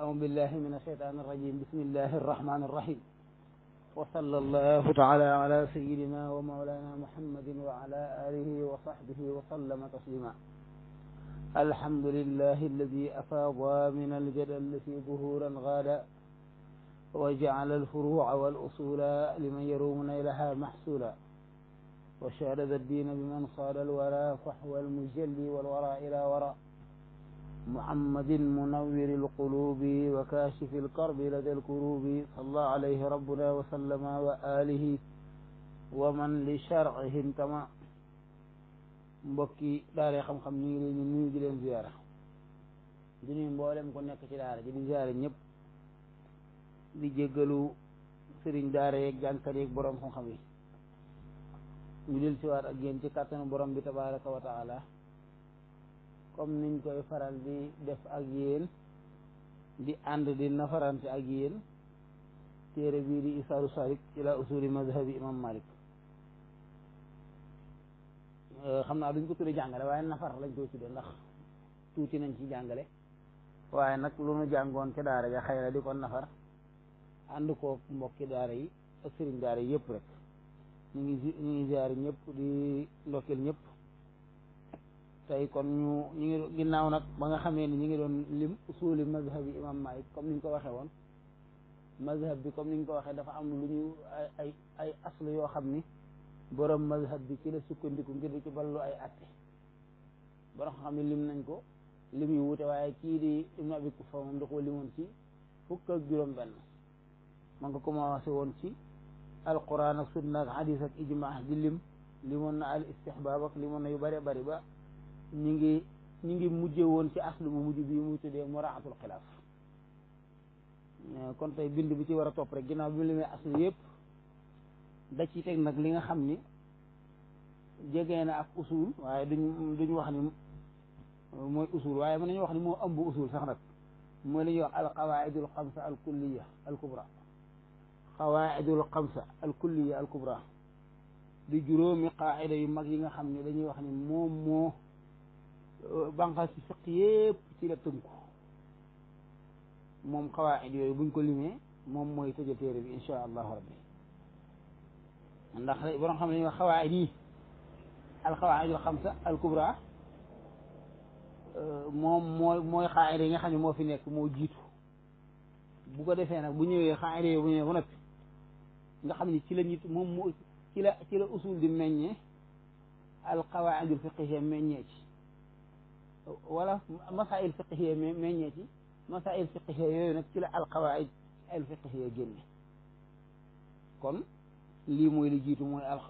أعوذ بالله من الشيطان الرجيم بسم الله الرحمن الرحيم وصلى الله تعالى على سيدنا ومولانا محمد وعلى آله وصحبه وسلم تسليما الحمد لله الذي أفاض من الجدل في ظهورا غادا وجعل الفروع والأصول لمن يروم إليها محسولا وشارد الدين بمن صار الورى فحوى المجلي والورى إلى وراء محمد منور القلوب وكاشف القرب لدى الكروب صلى الله عليه ربنا وسلم وآله ومن لشرعه انتمى مبكي داري خم خم نيلي نيلي جلين زيارة جنين مبالي مكون نكتي دار جنين زيارة نيب دي جيغلو سرين دار جان تريك برام خم خمي نيلي سوار اجين تي كاتن برام بتبارك وتعالى comme niñ koy faral di def ak yeen di and di nafarante ak yeen téere bi di isaru sarik ila usuri madhhab imam malik euh, xam naa duñ ko tudde jangale waye nafar lañ ko tudde ndax tuti nañ ci jangale waye nak lu nu jàngoon ci daara ga di ko nafar and ko mbokki daara yi ak serigne daara yi rek ñu ngi ñu di ndokkeel ñëpp tey kon ñu ñu ngi ginnaaw nag ba nga xamee ni ñu ngi doon lim usuuli mazhab yi imam Malik comme ni ñu ko waxee woon mazhab bi comme ni ñu ko waxee dafa am lu ñu ay ay asl yoo xam ni borom mazhab bi ci la sukkandiku ngir di ci ballu ay atte borom xam ne lim nañ ko lim yu wuute waaye kii di Ibnu Abi Kufa moom da koo limoon ci fukk ak juróom-benn man nga commencé woon ci alquran ak sunna ak hadis ak ijma di lim limoon na al istihbab ak limoon na yu bare bari ba ñi ngi ñi ngi mujje woon ci aslu bu mujj bi mu muy tuddee muraatul xilaaf eh, kon tey bind bi ci war a topp rek ginnaaw bi mu limee aslu yëpp da ci teg nag li nga xam ni jege na ak usul waaye duñ duñ wax ni mooy usul waaye mën nañu wax ni moo ëmb usul sax nag mooy li ñuy wax al qawaidul xamsa al kulliya al kubra qawaidul xamsa al di juróomi qaida yu mag yi nga xam ne dañuy wax ni moom moo Euh, banqaas ci fiq yépp ci la tënku moom xawaayid yooyu buñ ko limee moom mooy tëja téere bi insha allahu rabbi ndax borom xam ne ñu wax xawaayid yi alxawaayidul xamsa al kubra euh, moom mooy mooy xaayida yi nga xam ne moo fi nekk moo jiitu bu ko defee nag bu ñëwee xaayida yooyu bu ñëwee ba noppi nga xam ni ci la nit moom moo ci la ci la usul di meññee alqawaidul fiqhiya meññee ci wala masail fiqhiya meññee ci masail fiqhiya yooyu nag ci la alqawaid al fiqhiya génne kon lii mooy li jiitu mooy al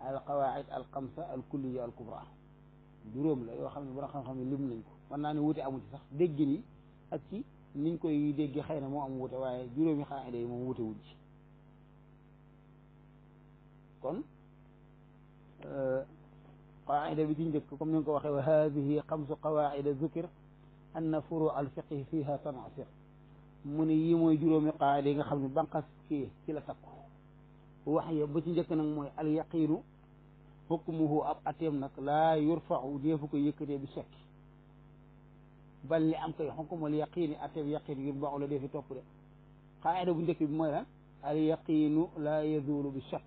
alqawaid al xamsa al kulliya al kubra juróom la yoo xam ne borom xam-xam ne lim nañ ko mën naa ne wute amu ci sax dégg ni ak ci niñ koy déggee xëy na moo am wute waaye juróomi xaida yi moom wute wuñ kon euh, قاعدة بتنجككم نقول وخي وهذه خمس قواعد ذكر أن فروع الفقه فيها تنعصر من يم يجرم قاعدة خمس بنقص كي كلا تقوى وحي بتنجك نقول اليقين حكمه أب أتيمنك لا يرفع وديفك يكري بشك بل لأمك حكم اليقين أتيم يقين يربع لديه في طفل قاعدة بنجك بمولا اليقين لا يزول بشك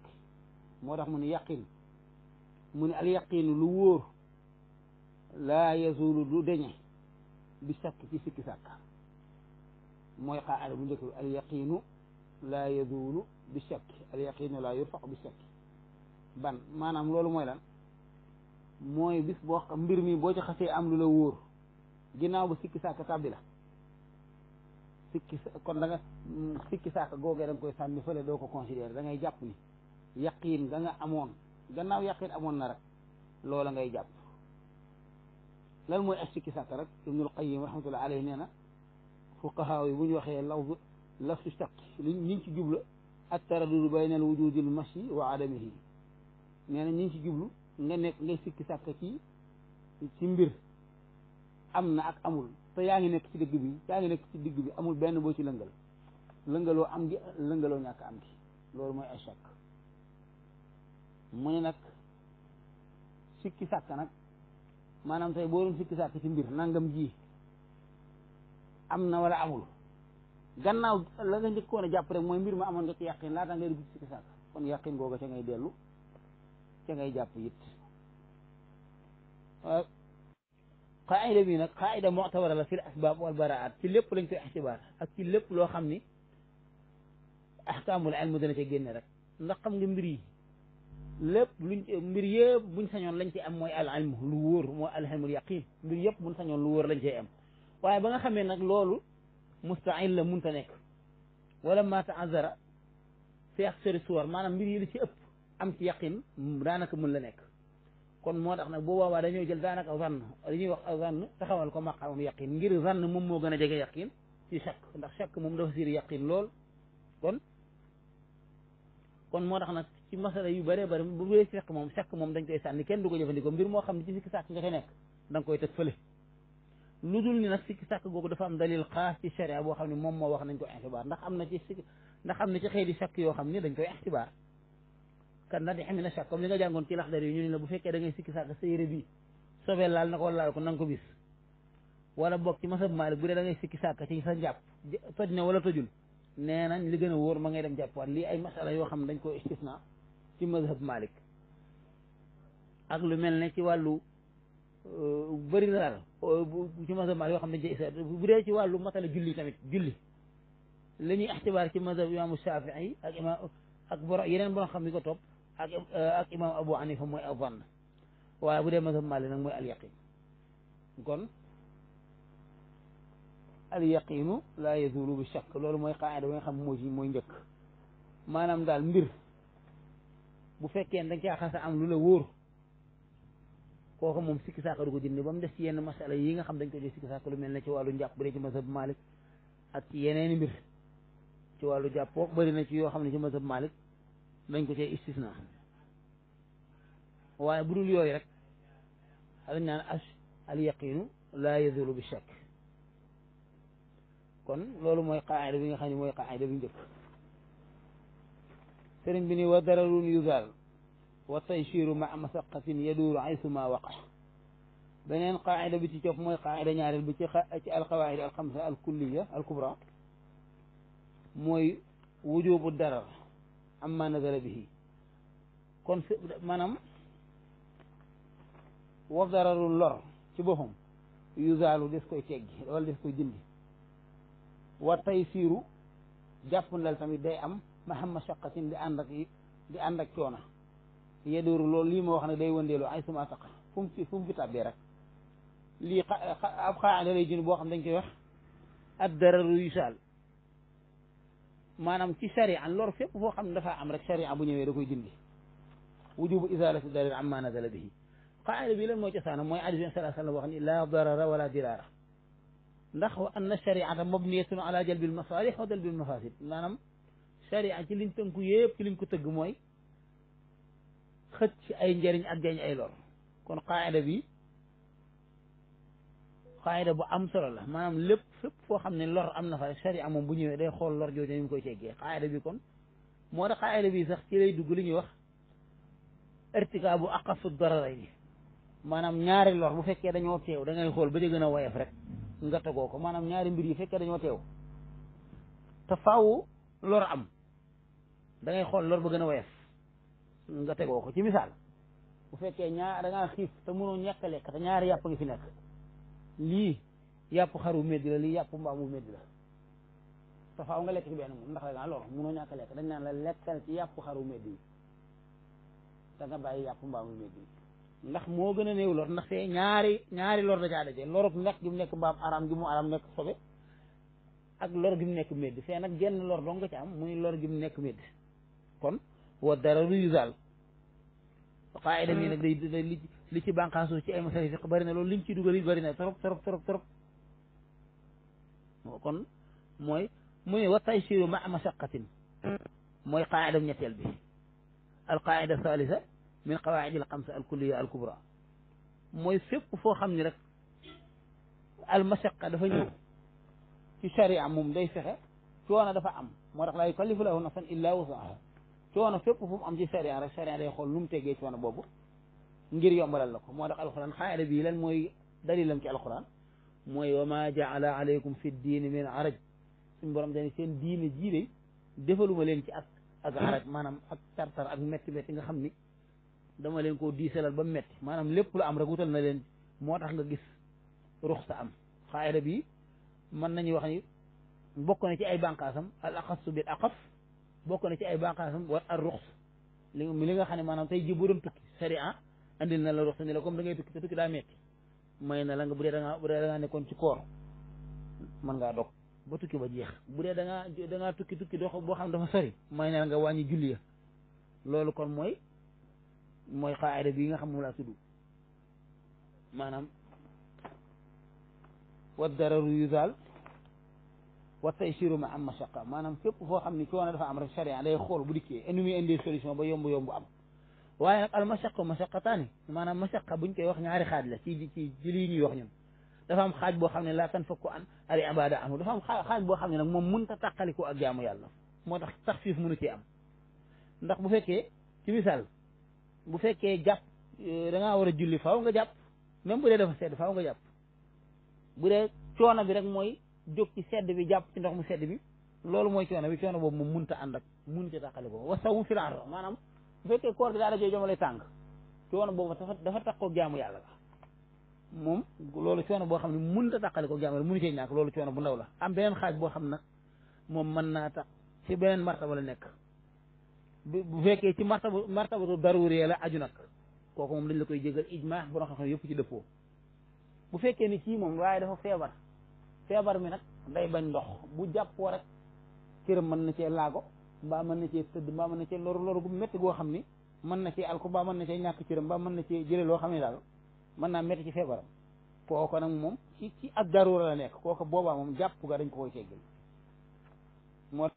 مرحمن يقين mu ne al yaqiinu lu wóor laa yazulu du deñe bi sakk ci sikki sàkk mooy xaada bu njëkk bi al yaqiinu laa yazulu bi sakk al yaqiinu laa yurfaq bi sakk ban maanaam loolu mooy lan mooy bis boo mbir mi boo ci xasee am lu la wóor ginnaaw ba sikki sàkk tàbbi la sikki kon da nga sikki sàkk googee da koy sànni fële doo ko considéré da ngay jàpp ni yaqiin da nga amoon gannaaw yàqin amoon na rek loola ngay jàpp lan mooy ak sikki sàkk rek ibnul qayim rahmatullah alayhi nee na yi bu ñu waxee laf ci shakk li ñu ci jublu ak taradudu bayna al wujudil mashi wa adamihi nee na ñu ci jublu nga nekk ngay sikki sàkk ci ci mbir am na ak amul te yaa ngi nekk ci digg bi yaa ngi nekk ci digg bi amul benn boo ci lëngal lëngaloo am gi lëngaloo ñàkk am gi loolu mooy ay shakk mu ne nag sikki sàkk nag maanaam tey boo doon sikki sàkk ci mbir nangam ji am na wala amul gannaaw la nga njëkkoon a jàpp rek mooy mbir ma amoon nga ci yàqin laata ngay dugg ci sikki sàkk kon yàqin googa ca ngay dellu ca ngay jàpp it waaw euh, qaayida bi nag qaayida mu'tawara la fil asbaab wal baraat ci lépp lañ koy ixtibaar ak ci lépp loo xam ni ahkaamul ilm dana ca génne rek ndax xam nga mbir yi lépp luñ mbir yëpp buñ sañoon lañ ci am mooy al ilm lu wóor mooy al ilmul yaqin mbir yëpp buñ sañoon lu wóor lañ cee am waaye ba nga xamee nag loolu musta'il la munta nekk wala ma ta'azzara seex sori suwar maanaam mbir yi li ci ëpp am ci yaqin daanaka mën la nekk kon moo tax nag boo boobaa dañoo jël daanaka zann li ñuy wax zann taxawal ko maqaamam yaqin ngir zann moom moo gën a jege yaqin ci chak ndax chak moom dafa siir yaqin lool kon kon moo tax nag ci masala yu bare bare bu wé sekk mom sekk mom dañ koy sanni kenn du ko jëfëndiko mbir mo xamni ci sikki sak nga xey nek dang koy tek fele ludul ni nak sikki sak gogu dafa am dalil xaas ci sharia bo xamni mom mo wax nañ ko ihtibar ndax amna ci sikki ndax amna ci xeyri sak yo xamni dañ koy ihtibar kan na di xamina sak comme li nga jangon ci lakhdar yu ñu ni la bu fekke da ngay sikki sak sa yere bi sobe laal nako laal ko nang ko bis wala bok ci masab malik bu da ngay sikki sak ci sa japp toj na wala tojul nenañ li gëna wor ma ngay dem japp li ay masala yo xamni dañ ko istisna ci mazhab Malik ak lu mel ne ci wàllu euh, bari na daal euh, ci mazhab Malik yoo xam ne ci wàllu matala julli tamit julli la ñuy ixtibaar ci mazhab imaam xam ni ko topp ak ak Abu Hanifa mooy avann waaye bu dee mazhab Malik nag mooy al yaqin kon al yaqinu bi shakk loolu mooy qaida ba nga xam mooy ci mooy njëkk daal mbir bu fekkee da nga caa a am lu la wóor kooku moom sikki saaka du ko dindi ba mu des ci yenn masala yi nga xam dañ ko jël sikki saaka lu mel ne ci wàllu njàpp bu dee ci mazhab Malik ak ci yeneeni mbir ci wàllu jàppoo bëri na ci yoo xam ne ci mazhab Malik dañ ko cee istisna waaye bu dul yooyu rek dañ naan as al yaqinu laa yazulu bi shakk kon loolu mooy qaayida bi nga xam ne mooy qaayida bi njëkk سرين بني وضرر يذال وتنشير مع مسقة يدور عيث ما وقع بنين قاعدة بيتي شوف موي قاعدة نار بيتي القواعد الخمسة الكلية الكبرى موي وجوب الضرر عما نزل به كون منام وضرر لور تبوهم يزالو ديسكو تيغي ولا ديسكو جندي وتيسيرو جابنا لتامي داي ام ma xam mashaqatin di ànd ak di ànd ak coono yedooru loolu lii ma wax ne day wëndeelu ay suma taqa fu mu fi fu mu fi tàbbee rek lii ab xaada lay jun boo xam dañ koy wax ad dararu yusaal maanaam ci sharia lor fépp foo xam ne dafaa am rek sharia bu ñëwee da koy dindi wujubu isalati darir amma nazala bihi qaida bi lan mooy cosaanam mooy hadis bi sallallahu alayhi wa sallam wax ni la darara wala dirara ndax wa anna shariata mabniyatun ala jalbil masalih wa dalbil mafasid maanaam sariya ci liñ tënku yépp ci liñ ko tëgg mooy xëcc ay njariñ ak jañ ay lor kon xaayida bi xaayida bu am solo la maanaam lépp fépp foo xam ne lor am na fa rek sariya moom bu ñëwee day xool lor jooju ñu ngi koy ceggee xaayida bi kon moo tax xaayida bi sax ci lay dugg li ñuy wax irtikaa bu aqafu dararay bi maanaam ñaari lor bu fekkee dañoo teew dangay xool ba ca gën a woyof rek nga tegoo ko maanaam ñaari mbir yi fekkee dañoo teew te faaw lor am da ngay xol lor ba gëna a nga tegoo ko ci misal bu fekkee ñaar da nga xif te mënoo ñàkk ka ñaar yap nga fi nek li yap xaru medd la lii yàpp mbaamu medd la te faaw nga lekk ci benn moom ndax la ngaa lor mënoo ñàkk dañ naan la lekkal ci yap xaru medd yi da nga bayyi yap mbaamu médd yi ndax mo gëna neew lor ndax fee ñaari ñaari lor da caa dajé loruk nekk gi aram gi mu aram nek sobe ak lor gi nek medd médd nak genn lor dong nga ci am muy lor gi nek medd kon wa dararu yuzal qaida mi nag day li ci bànqaasu ci ay masal fiq bari na loolu liñ ci dugal yi bari na torop torop torop torop mo kon moy mu wa taysiru ma mashaqatin moy qaidam ñettel bi al qaida thalitha min qawaid al khamsa al kulliya al kubra moy fépp fo xamni rek al masaqqa dafa ñu ci sharia mum day fexe ci coono dafa am mo tax laa yukallifu lahu nafsan illa wusaha coono fépp fu mu am ci sariya rek sariya day xool nu mu tegee coono boobu ngir yombalal la ko moo tax alquran xaayida bii lan mooy dalilam ci alquran mooy wa ma jaala aleykum fi diini min araj suñu borom dañu seen diine jii de defaluma leen ci ak ak araj maanaam ak tartar ak métti métti nga xam ni dama leen ko diisalal ba métti maanaam lépp lu am rek wutal na leen moo tax nga gis ruxsa am xaayida bii mën nañu wax ni bokk ci ay bànqaasam al aqasu bil bokk na ci ay bànqaasam war ar ruxs li li nga xam ne maanaam tey ji bu doon tukki sharia ah, andil na la ruxs ni la comme da ngay tukki te tukki daa metti may na la nga bu dee da ngaa bu dee da nekkoon ci koor mën ngaa dog ba tukki ba jeex bu dee da ngaa da ngaa tukki tukki dox boo xam dafa sari may na la nga wàññi julli ya loolu kon mooy mooy xaayida bi nga xam moom laa tudd maanaam wa dararu yuzaal wa taysiru ma am mashaqa maanaam fépp foo xam ne coono dafa am rek charia day xool bu dikkee indi muy indi solution ba yomb yomb am waaye nag al mashaqa mashaqataani maanaam mashaqa buñ koy wax ñaari xaaj la ci ci ci lii ñuy wax ñun dafa am xaaj boo xam ne la tan fakku an al ibada anhu dafa am xaaj boo xam ne nag moom mënta ko ak amu yàlla moo tax tax fiif mënu ci am ndax bu fekkee ci misaal bu fekkee jàpp da ngaa war a julli faaw nga jàpp même bu dee dafa sedd faaw nga jàpp bu dee coono rek mooy jóg ci sedd bi jàpp ci ndox mu sedd bi loolu mooy coono bi coono boobu moom mun ta ànd ak mënut ta tàqale ko wa sawum fi laar maanaam bu fekkee koor gi daa dajee jomale tàng coono boobu dafa dafa taqoo jaamu yàlla la moom loolu coono boo xam ne mun a tàqale ko jaamu yàlla mënu cee ñàkk loolu coono bu ndaw la am beneen xaaj boo xam na moom mën naa tax ci beneen martaba la nekk bu fekkee ci martaba martabatu daruriya la aju nag kooku moom dañ la koy jégal ijma borom xam-xam yëpp ci dëppoo bu feebar mi nag day bañ ndox bu jàppoo rek cëram mën na cee laago mbaa mën na cee tëdd mbaa mën na cee loru loru gu métti goo xam ni mën na cee alko mbaa mën na cee ñàkk cëram mbaa mën na cee jële loo xam ne daal mën naa métti ci feebaram ko nag moom ki ci ak daruura la nekk kooko boobaa moom jàpp ga dañ ko koy teggal moo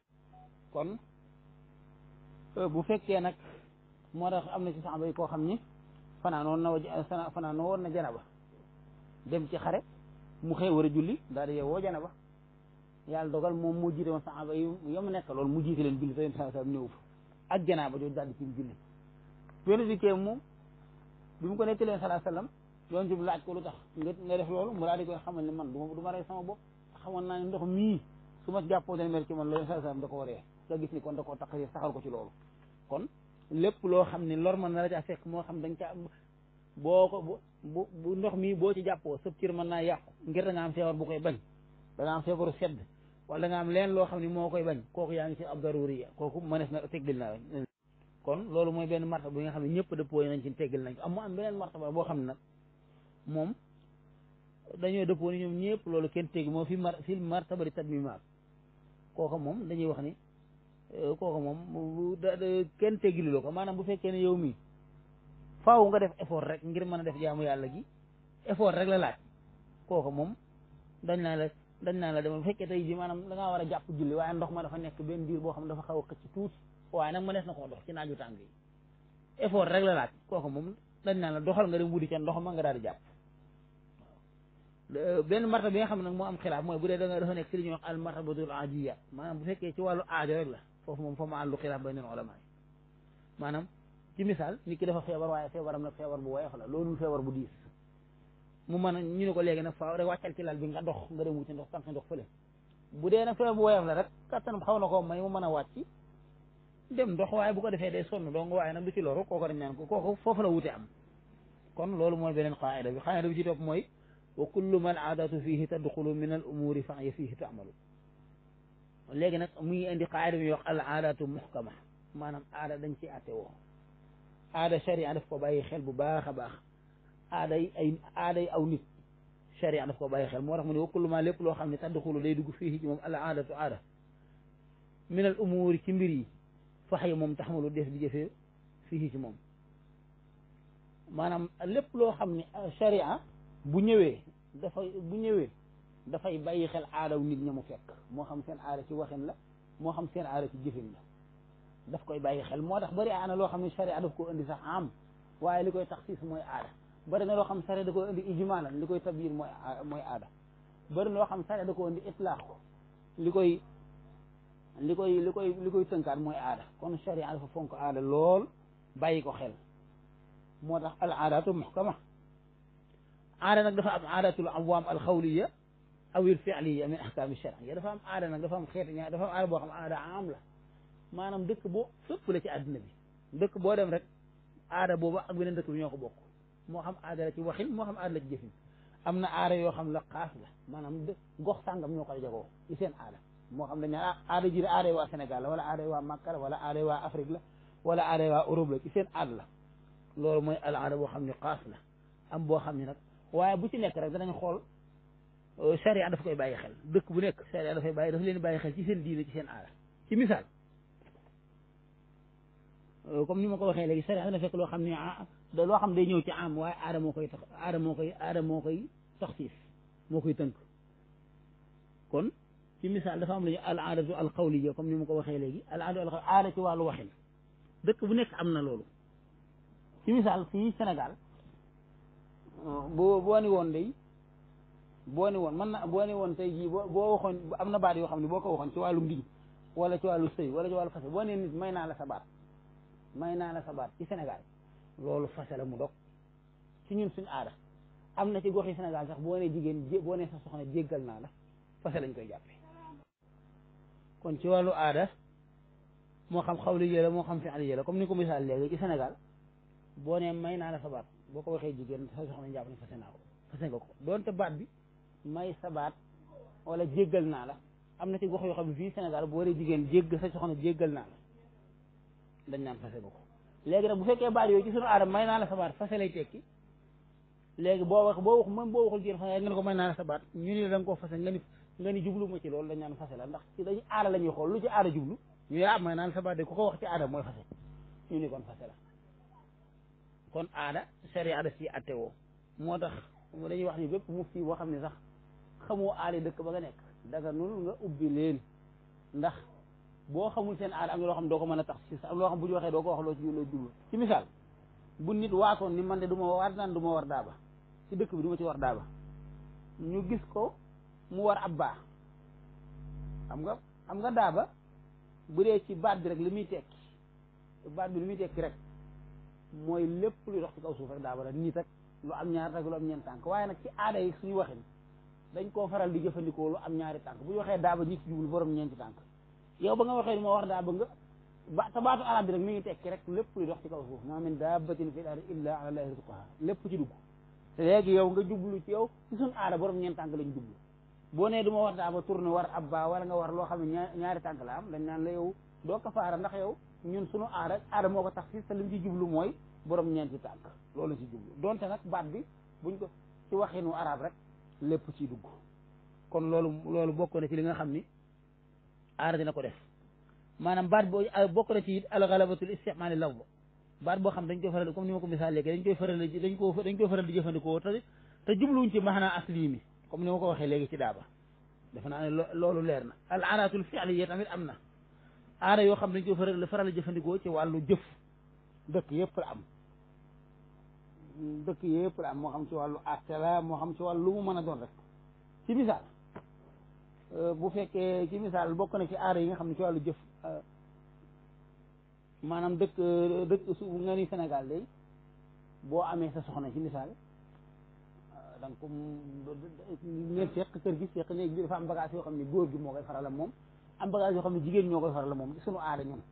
kon euh, bu fekkee nag moo tax am na ci saxaba yi koo xam ni fanaanoon na fanaa woon na janaba dem ci xare mu xëy war a julli daal di yeewoo jana ba yàlla dogal moom moo jiite woon saxaaba yi yom nekk loolu mu jiite leen julli ba jooju daal di ci julli yonent bi kee moom bi mu ko nekk leen salaa sallam yoon ci laaj ko lu tax nga nga def loolu mu daal di koy ne man du ma du ma rey sama bopp xamoon naa ne ndox mii su ma jàppoo dana mel ci man loolu salaa ko kon da koo ko ci lépp loo xam ne lor man na la ca fekk moo xam dañ boo ko bu bu ndox mii boo ci jàppoo sëb cër mën naa yàqu ngir da nga am feebar bu koy bañ da nga am feebaru sedd wala nga am leen loo xam ne moo koy bañ kooku yaa ngi ci ab daruriya kooku mënees na teggil naa kon loolu mooy benn martaba bi nga xam ne ñëpp dëppoo nañ ci teggil nañ ko am mu am beneen boo xam ne moom dañoo dëppoo ni ñoom ñëpp loolu kenn tegg moo fi mar fi martabari tadmimaat kooko moom dañuy wax ni eh, kooka moom kenn teggilu ko maanaam bu fekkee ne yow mii faaw nga def effort rek ngir mën a def jaamu yàlla gi effort rek la laaj kooku moom dañ naa la dañ naa la dem bu fekkee tey jii maanaam da war a jàpp julli waaye ndox ma dafa nekk benn diir boo xam ne dafa xaw a xëcc tuuti waaye nag mënees na koo dox ci naaju tàng yi effort la laaj kooku moom dañ naa la doxal nga dem wuti ca ndox ma nga daal di jàpp benn bi nga xam nag moo am xilaaf mooy bu dee da nga dafa nekk ci li ñuy wax al martabatul ajiya maanaam bu fekkee ci wàllu aajo rek la foofu moom fa ma àllu xilaaf bay neen ulama yi maanaam ci misaal nit ki dafa feebar waaye feebaram nag feebar bu woyof la loolu feebar bu diis mu mën a ñu ne ko léegi nag faaw rek wàccal ci lal bi nga dox nga dem wuti ndox tànk ndox fële bu dee nag feebar bu woyof la rek kattanam xaw na koo may mu mën a wàcc dem ndox waaye bu ko defee day sonn dong waaye nag du ci loru kooku dañ naan ko kooku foofu la wute am kon loolu mooy beneen qaayida bi qaayida bi ci topp mooy wa kullu ma al aadatu fihi tadxulu min al umuri fa ya fihi taamalu léegi nag mu ngi indi qaayida bi wax al aadatu muxkama maanaam aada dañ ci àtte woo aada sharia daf ko bàyyi xel bu baax a baax aaday ay aaday aw nit sharia daf ko bàyyi xel moo tax mu ne wa kullu ma lépp loo xam ne tadxulu day dugg fii ci moom al aadatu aada min al umuuri ci mbir yi fax yi moom taxamalu def di jëfee fii ci moom maanaam lépp loo xam ne sharia bu ñëwee dafay bu ñëwee dafay bàyyi xel aadaw nit ña mu fekk moo xam seen aada ci waxin la moo xam seen aada ci jëfin la daf koy bàyyi xel moo tax bari ana loo xam ne charia daf ko indi sax am waaye li koy taxsiis mooy aada bari na loo xam sharia da ko indi ijmaalan li koy tabyiin mooy mooy aada bari na loo xam sharia da ko indi itlaq li koy li koy li koy li koy tënkaat mooy aada kon sharia dafa fonk aada lool bàyyi ko xel moo tax al aadaatu muhkama aada nag dafa am aadatul awam al xawliya aw il fi'liya min ahkaami charia dafa am aada nag dafa am xeeti ñaar dafa am aada boo xam aada am la manam dëkk bo fépp la ci aduna bi dëkk bo dem rek aada bobu ak benen dëkk bi ñoo bokk mo xam aada la ci waxin mo xam aada la ci jëfin amna na aada yoo xam la khas la manam maanaam gox sàngam ñoko koy jagoo ci seen aada mo xam dañu aada ji aada wa Sénégal wala aada wa makkar wala aada wa Afrique la wala aada wa Europe la ci seen aada la loolu moy al aada bo xamni khas la am bo xamni nak waye bu ci nek rek danañ xol sharia dafa koy bàyyi xel dëkk bu nek nekk charia dafay bàyyi dafa leen bàyyi xel ci seen diine ci seen aada ci misal Euh, comme ni ma ko waxee léegi sariya dana fekk loo xam ne ah loo xam day ñëw ci am waaye aada moo koy tax aada moo koy aada moo koy taxsiis moo koy tënk kon ci misaal dafa am lu ñu al aadatu al qawliya comme ni ma ko waxee léegi al aadatu al qawliya aada ci wàllu waxin dëkk bu nekk am na loolu ci misaal fii Sénégal boo boo ni woon day boo ni woon mën na boo ni woon tey jii boo boo waxoon am na baat yoo xam ne boo ko waxoon ci wàllu ngiñ wala ci wàllu sëy wala ci wàllu fase boo nee nit may naa la sa baat may naa la sa baat ci Sénégal loolu fase la mu dog ci ñun suñ aada am na ci gox yi Sénégal sax boo jigéen jé sa soxna jéggal naa la fase lañ koy jàppee kon ci wàllu aada moo xam xawli jëla moo xam fi ali jëla comme ni ko misaal léegi ci Sénégal boo nee may naa la sa boo ko waxee jigéen sa soxna jàpp ne naa ko fase nga bi may sa baat wala jéggal naa la am na ci yoo xam ne fii Sénégal boo jigéen jégg sa soxna jéggal naa la dañ naan fase nga ko léegi nag bu fekkee baat yooyu ci sunu aadama may naa la sa baat fase lay tekki léegi boo wax boo wax même boo waxul jigéen fase nga ne ko may naa la sa baat ñu ni da nga koo fase nga ni nga ni jublu ma ci loolu dañ naan fase la ndax ci dañu aada la ñuy xool lu ci aada jublu ñu ne ah may naa la sa baat de ku ko wax ci aada mooy fase ñu ni kon fase la kon aada sharia da si atte woo moo tax dañuy wax ni bépp mufti boo xam ne sax xamoo aada dëkk ba nga nekk daganul nga ubbi leen boo xamul seen aada am na loo xam ne doo ko mën a tax si am loo xam bu ñu waxee doo ko wax loo ci loo misaal bu nit waatoon ni man de du ma waat naan du ma war daaba ci dëkk bi duma ci war daaba ñu gis ko mu war ab baax xam nga xam nga daaba bu dee ci baat bi rek li muy tekki baat bi li muy tekki rek mooy lépp luy dox ci kaw suuf rek daaba la nit ak lu am ñaar ak lu am ñeent tànk waaye nag ci aada yi suñu waxin dañ koo faral di jëfandikoo lu am ñaari tànk bu ñu waxee daaba ñi ci jublu borom ñeenti tànk yow ba nga waxee ni moo wax daa bëgg nga ba te baatu arab bi rek mi ngi tekki rek lépp luy dox ci kaw suuf maa min daa fil ardi illa ala llahi lépp ci dugg te yow nga jublu ci yow ci borom ñeent tànk lañ jublu boo nee du wax daa ba tourné war ab baa wala nga war loo xam ne ñaari tànk am dañ naan la yow doo ko faara ndax yow ñun suñu aada aada moo ko tax si te li jublu mooy borom ñeenti tànk loolu ci jublu donte nag baat bi buñ ko ci waxinu arab rek lépp ciy dugg kon loolu loolu bokk na ci li nga xam ni aara dina ko def maanaam baat boo ah, bokk na ci it alxalabatul istimaali law ba baat boo xam dañ koy faral comme ni ma ko misaal léegi dañ koy faral dañ ko dañ koy faral di jëfandikoo te te jubluwuñ ci maanaa asli mi comme ni ma ko waxee léegi ci daaba defe naa ne loolu leer na al aaratul fi'liya tamit am na aara yoo xam dañ koy faral faral di jëfandikoo ci wàllu jëf dëkk yëpp la am dëkk yëpp la am moo xam ci wàllu atte moo xam ci wàllu lu mu mën a doon rek ci misaal bu fekkee ci misaal bokk na ci aada yi nga xam ne ci wàllu jëf euh, maanaam dëkk euh, dëkk su nga ni Sénégal day boo amee sa soxna ci misaal euh, da nga ko ngeen seq kër gi seq néeg dafa am bagage yoo xam ne góor gi moo koy faral moom am bagage yoo xam ne jigéen ñoo koy faral moom suñu aada ñun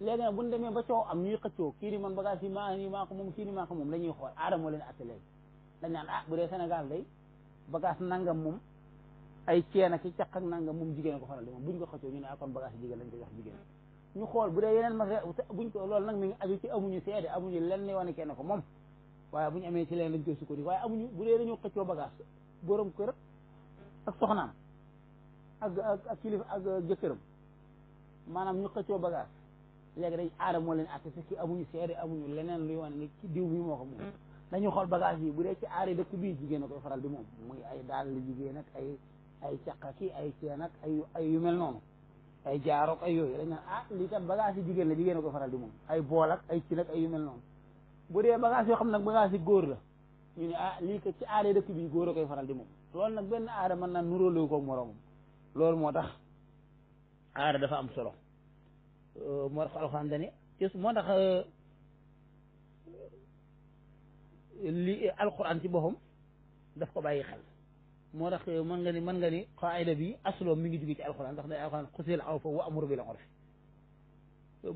léegi nag bu ñu demee ba coow am ñuy xëccoo kii ni man bagage yi maa ni maa moom kii ni maa moom la ñuy xool aada moo leen atte dañ naan ah bu dee Sénégal day bagage nangam moom ay ceen ak i caq ak nanga moom jigéen ko faral di moom buñ ko xëccoo ñu ne ah kon bagage jigéen lañ ko jox jigéen bu dee ko loolu nag mi ngi aju ci amuñu seede amuñu lenn yoo ne kenn ko moom waaye bu ñu amee ci leen lañ koy sukkandiku waaye amuñu bu dee dañoo xëccoo bagage borom kër ak soxnaam ak ak ak kilifa maanaam ñu xëccoo bagage léegi dañ aada moo leen atte fekk amuñu seede amuñu leneen luy wane ci diw bi moo ko moom mm. dañu xool bagage yi bu dee ci aada dëkk bii jigéen a koy faral bi moom muy ay daal jigéen ak ay ay caqaki ay ceen ak ay ay yu mel noonu ay jaaroog ay yooyu dañ naan ah lii kat bagage yi jigéen la jigéen a ko faral di moom ay bool ak ay cin ay yu mel noonu bu dee bagage yoo xam nag bagage yi góor la ñu ne ah lii ci aada dëkk bi góor koy faral di moom lool nag benn aada mën naa nuróolewu koog moroomam loolu moo tax aada dafa am solo euh, moo tax alxuraan dani ci moo euh, ci boppam daf ko bàyyi xel moo tax mën nga ni mën nga ni qaayida bi asloom mi ngi jóge ci alxuraan ndax day alxuraan xusil aw fa wa amur bi la orfi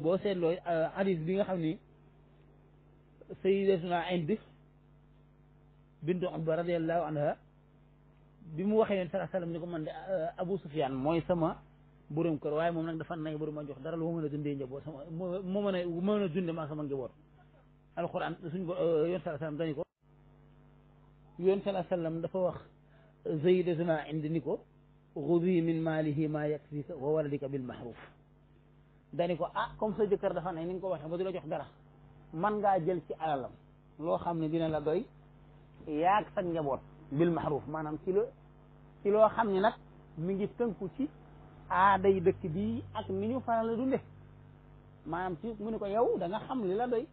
boo seetloo hadis bi nga xam ni sayyidatuna Hind bintu Utba radiyallahu anha bi mu waxee yoon sallallahu alayhi wasallam ni ko man de Abu Sufyaan mooy sama borom kër waaye moom nag dafa nay borom ma jox dara lu ma mën a dundee njaboot sama moo mën a moo mën a dunde maa sama njaboot alxuraan suñ yoon sallallahu alayhi wasallam dañu ko yoon sallallahu alayhi wasallam dafa wax zaydatuna indi ni ko xudi min maalihi ma yakfika wa waladika bil mahruf dani ko ah comme sa jëkkër dafa ne ni nga ko waxee ba du la jox dara man ngaa jël ci alalam loo xam ne dina la doy yaag sa njaboot bil mahruf maanaam ci lo ci loo xam ni nag mi ngi tënku ci aaday dëkk bi ak ni ñu faral la dunde maanaam ci mu ne ko yow danga xam li la doy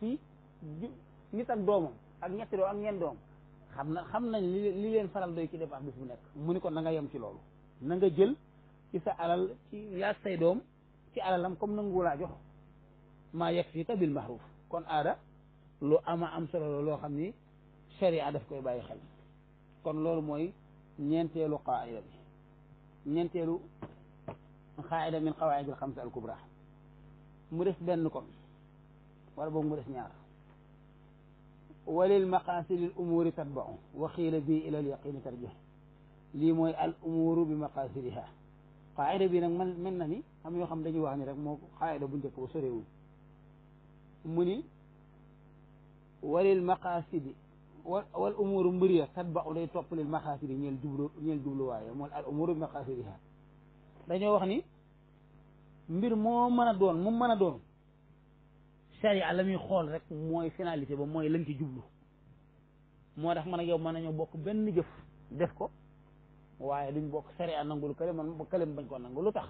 fii nit ak doomam ak ñetti doom ak ñeent doom xamna na li leen faral doy ci dépense bis bu nek mu ni ko na nga yam ci lolu na nga jël ci sa alal ci yaag say dom ci alalam comme nangu jox maa yegg ta bil mahruf kon ada lu ama am solo lo xamni sharia daf koy baye xel kon lolu moy ñentelu qaida bi ñentelu qaida min qawaid al khamsa al kubra mu def ben kon wala bo mu def ñaar walil maqaasidi l umuuri tatba'u wa xiila bi ila yaqini tarjih lii mooy al umuuru bi maqaasidiha qaayida bi nag man mel na ni am yoo xam dañuy wax ni rek moo qaayida bu njëkk ba sorewul mu ni walil maqaasidi wal umuuru mbir ya tatba'u day topp lil maqaasidi ñeel jublu ñeel jubluwaaye al umuuru bi maqaasidiha dañoo wax ni mbir moo mën doon mu mën doon charia la muy xool rek mooy finalité ba mooy lañ ci jublu moo tax man ak yow mën ñëw bokk benn jëf def ko waaye duñ bokk charia nangul kële man kële bañ koo nangu lu tax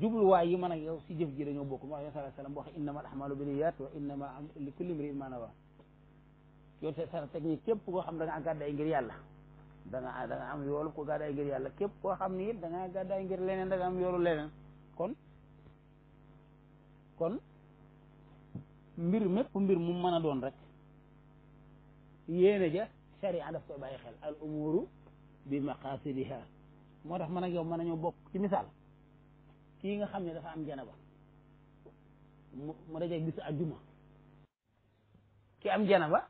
jubluwaay yi man ak yow si jëf ji dañoo bokk ma wax sallallahu alayhi wasallam wax innama al ahmalu binniyat wa innama li kulli imri'in ma nawa yow te sa technique képp koo xam da ngaa gàddaay ngir yàlla da nga am yoolu ko gàddaay ngir yàlla képp koo xam ni it da ngaa gàddaay ngir leneen da nga am yoolu leneen kon kon mbir mépp mbir mu mën a doon rek yéene ja sharia daf koy bàyyi xel al umuru bi maqasidiha moo tax man ak yow mën nañoo bokk ci misaal kii nga xam ne dafa am janaba mu mu dajee bisu ajuma ki am janaba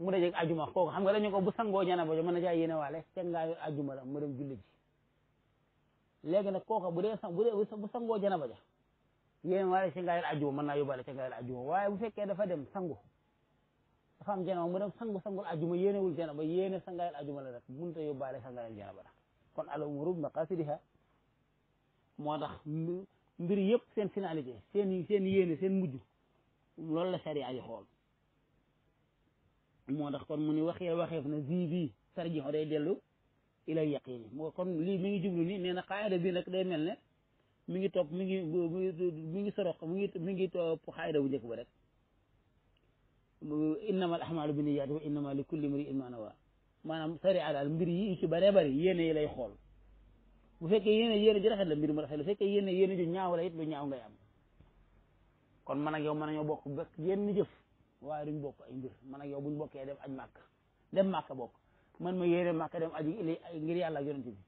mu dajee ajuma kooku xam nga dañu ko bu sangoo janaba jo mën na caa yéene waale ca ngaayu ajuma la mu dem julli ji léegi nag kooka bu dee bu dee sangoo janaba ja yéen wala ci ngaayal ajuma mën naa yóbbaale ci ajuma waaye bu fekkee dafa dem sangu dafa am janaba mu dem sangu sangul ajuma yéenewul janaba yéene sa ngaayal ajuma la rek mënut a yóbbaale sa ngaayal janaba la kon al umuru maqasidiha moo tax mbir yëpp seen finalité seen seen yéene seen mujj loolu la sariya yi xool moo tax kon mu ni waxee waxeef na zi bii tarjixo day dellu ila yaqini moo kon lii mi ngi jublu ni nee na xaayida bi nag day mel ne mi ngi topp mi ngi mi ngi sorox mi ngi mi ngi topp xayda bu njëkk ba rek innama al ahmaalu bi niyaati wa li kulli mri in ma nawa maanaam sariya daal mbir yi ci bëree bëri yéene yi lay xool bu fekkee yéene yéene la mbir mu rafet la bu fekkee yéene yéene ju ñaaw la it lu ñaaw ngay am kon man ak yow mën nañoo bokk bekk yenn jëf waaye duñ bokk ay mbir man a yow buñ bokkee dem aj màkk dem màkk bokk man ma yéene a dem aj ngir yàlla ak yonente bi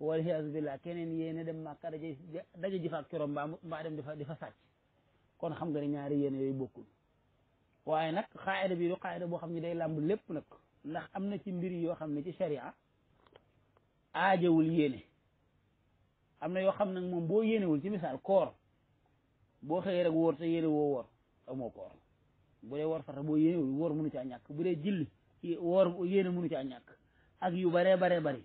wala iyaazu billah keneen yéene dem màkka daje daje ji fa ak corom mbaa mbaa dem difa difa sàcc kon xam nga ne ñaari yéene yooyu bokkul waaye nag xaayida bi du xaayida boo xam ne day làmb lépp nag ndax am na ci mbir yoo xam ne ci sharia aajewul yéene am na yoo xam nag moom boo yéenewul ci misaal koor boo xëyee rek wóor te yéene woo woor amoo koor bu dee woor farata boo yéenewul woor mënu caa ñàkk bu dee julli woor yéene mënu caa ñàkk ak yu baree baree bari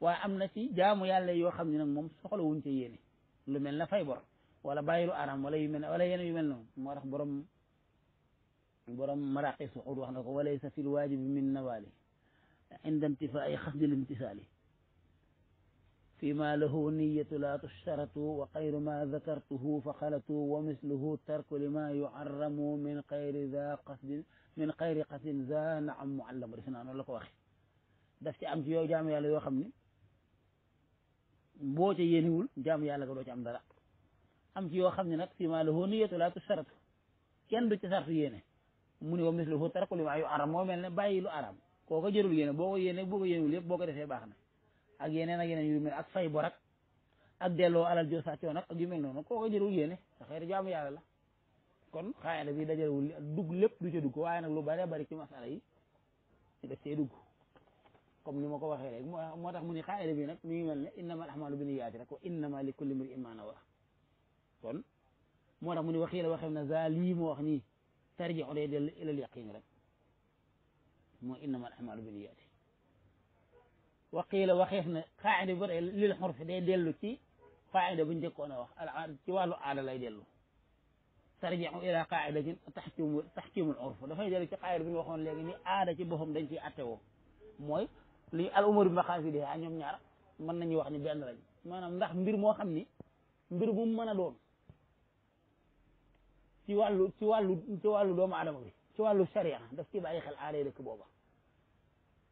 waaye am na ci jaamu yàlla yoo xam ne nag moom soxla wuñ ca yéene lu mel na fay bor wala bàyyi lu aram wala yu mel wala yeneen yu mel noonu moo tax borom borom maraqi suxuud wax na ko walaysa fil waajibi min nawaali inda intifaai xasdil imtisaali فيما له نية لا تشترط وخير ما ذكرته فخلت ومثله ترك لما يعرم من غير ذا قصد من غير قصد ذا نعم معلم رسنا لك واخي دافتي أمتي يو جامع يالا يو خمني boo ca yéenewul jaam yàlla ga doo ci am dara am ci yoo xam ne nag ma maa lahu niyyatu laa tusaratu kenn du ci sartu yéene mu ne wa misluhu tarku li maa moo mel ne bàyyi lu aram kooka jërul yéene boo ko yéene boo ko boo ko defee baax na ak yeneen ak yeneen yu mel ak fay bor ak delloo alal joo sàccoon ak ak yu mel noonu kooka jërul yéene sa xeetu yàlla la kon xaayada bi dajalewul dugg lépp du ca dugg waaye nag lu bare bari ci masala yi daf cee dugg comme ni ma ko waxee léegi moo tax mu ni xaayida bi nag mi ngi mel ne innama al ahmaalu bi niyaati rek wa innama li kulli mri'in maa nawaa kon moo tax mu ni waxii la waxee na za lii ma wax nii tarji'u day dellu ilal yaqin rek mooy innama al ahmaalu bi niyaati waqiila waxeef na xaayida bi ba tey lil xurfi day dellu ci xaayida bu njëkkoon a wax al ci wàllu aada lay dellu tarji'u ila qaa'idatin taxkimu taxkimul urf dafay dellu ci qaayida bi ñu waxoon léegi ni aada ci boppam dañ ciy attewoo mooy li al umaru bi maxaasi de a ah, ñoom ñaar mën nañuy wax ni benn lañ maanaam ndax mbir moo xam ni mbir bu mën a doon ci wàllu ci wàllu wàllu doomu adama bi ci wàllu sharia daf ci bàyyi xel aada dëkk booba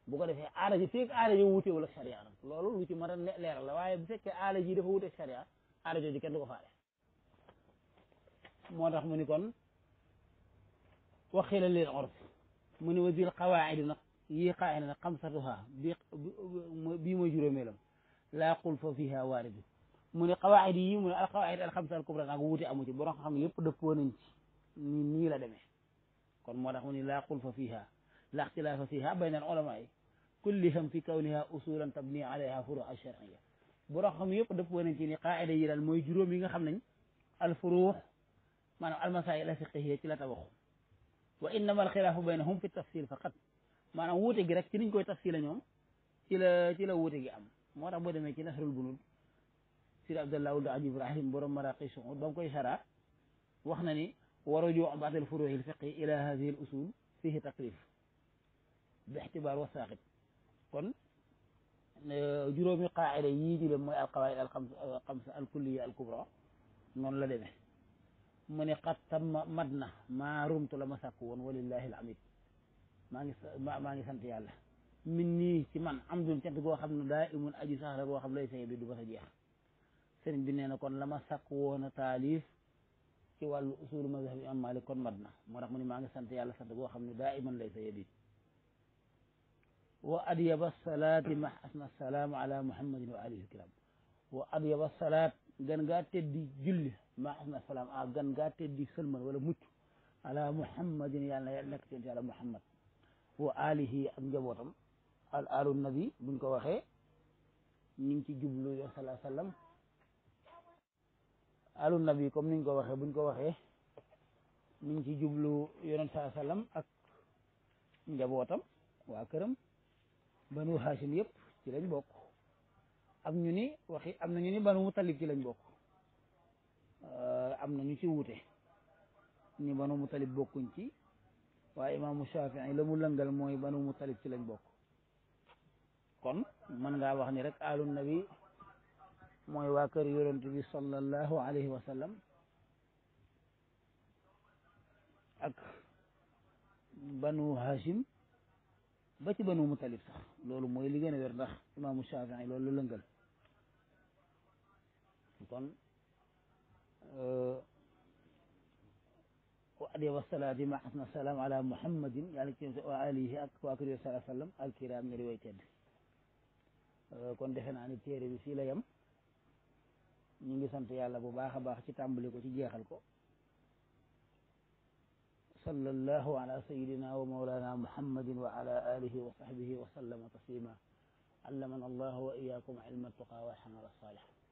bu ko defee aada ji feeg aada ji wutee wala sharia loolu lu ci mën a leeral la waaye bu fekkee aada ji dafa wutee sharia aada jooju kenn du ko moo tax mu ni kon waxila lil urf mu wasil xawaidi nag يقعنا قم سرها بما جرميلم لا يقول فيها وارد من القواعد من القواعد الخمسة الكبرى نقولي أمتي بروح خم يبدو فوننج نيلا دمي كون مرة لا يقول ففيها لا اختلاف فيها بين العلماء كلهم في كونها أصولا تبني عليها فروع الشرعية بروح خم يبدو فوننج قاعدة إلى المجرم من خم الفروع ما المسائل الفقهية لا تبخ وإنما الخلاف بينهم في التفصيل فقط maanaam wuute gi rek ci niñ koy tafsir la ñoom ci la ci la wuute gi am moo tax boo demee ci nasrul bunud sir abdallah wuld aj ibrahim borom maraqi suud ba mu koy sara wax na ni waro rujuu baad al furuuhi al fiqi ila hadhihi al usul fihi taqrif bi ihtibar wa saqit kon juróomi qaacida yi ñu le mooy al qawaid al khams al kulliya al kubra non la demee mu ne qad tamma mat na rumtu la ma sàkk woon walillahi al amid maa ngi maa ngi sant yàlla min nii ci man am dun cant goo xam ne daa imun aju sax la goo xam lay saye bi du ba sa jeex sëriñ bi nee na kon lama ma sàkk woon a taalif ci wàllu usulu mazhab kon mat na moo tax mu ne maa ngi sant yàlla sant goo xam ne daa iman lay saye bi wa adyaba salaati ma asna salaamu ala muhammadin wa alihi kiram wa adyaba salaat gan ngaa teddi julli ma asna salaam a gan ngaa teddi sëlmal wala mucc ala muhammadin yàlla na nekk ci yàlla muhammad wa alihi ak njabootam al alu nabi buñ ko waxee ñu ngi ci jublu yo salaa sallam alu nabi comme niñ ko waxee buñ ko waxee ñu ngi ci jublu yonent saa sallam ak njabootam waa këram banu hashim yëpp ci lañ bokk am ñu ni waxi am na ñu ni banu mutalib ci lañ bokk am na ñu ci wuute ñu banu mutalib bokkuñ ci waaye imaamu shafii la mu lëngal mooy banu Mutalib ci lañ bokk kon mën ngaa wax ni rek aalu nabi mooy waa kër yonent bi sallallahu alayhi wa sallam ak banu Hashim ba ci banu Mutalib sax loolu mooy li gën a wér ndax imaamu shafii loolu la lëngal kon عليه والصلاة بما حسن السلام على محمد يعني وآله وآله صلى الله عليه وسلم الكرام رواية كون دفن عن التير بسيلة يم نيجي سنت يا الله بباخ باخ تتعمل يكو تجي خلقو صلى الله على سيدنا ومولانا محمد وعلى آله وصحبه وسلم تسليما علمنا الله وإياكم علم التقى وحمل الصالحين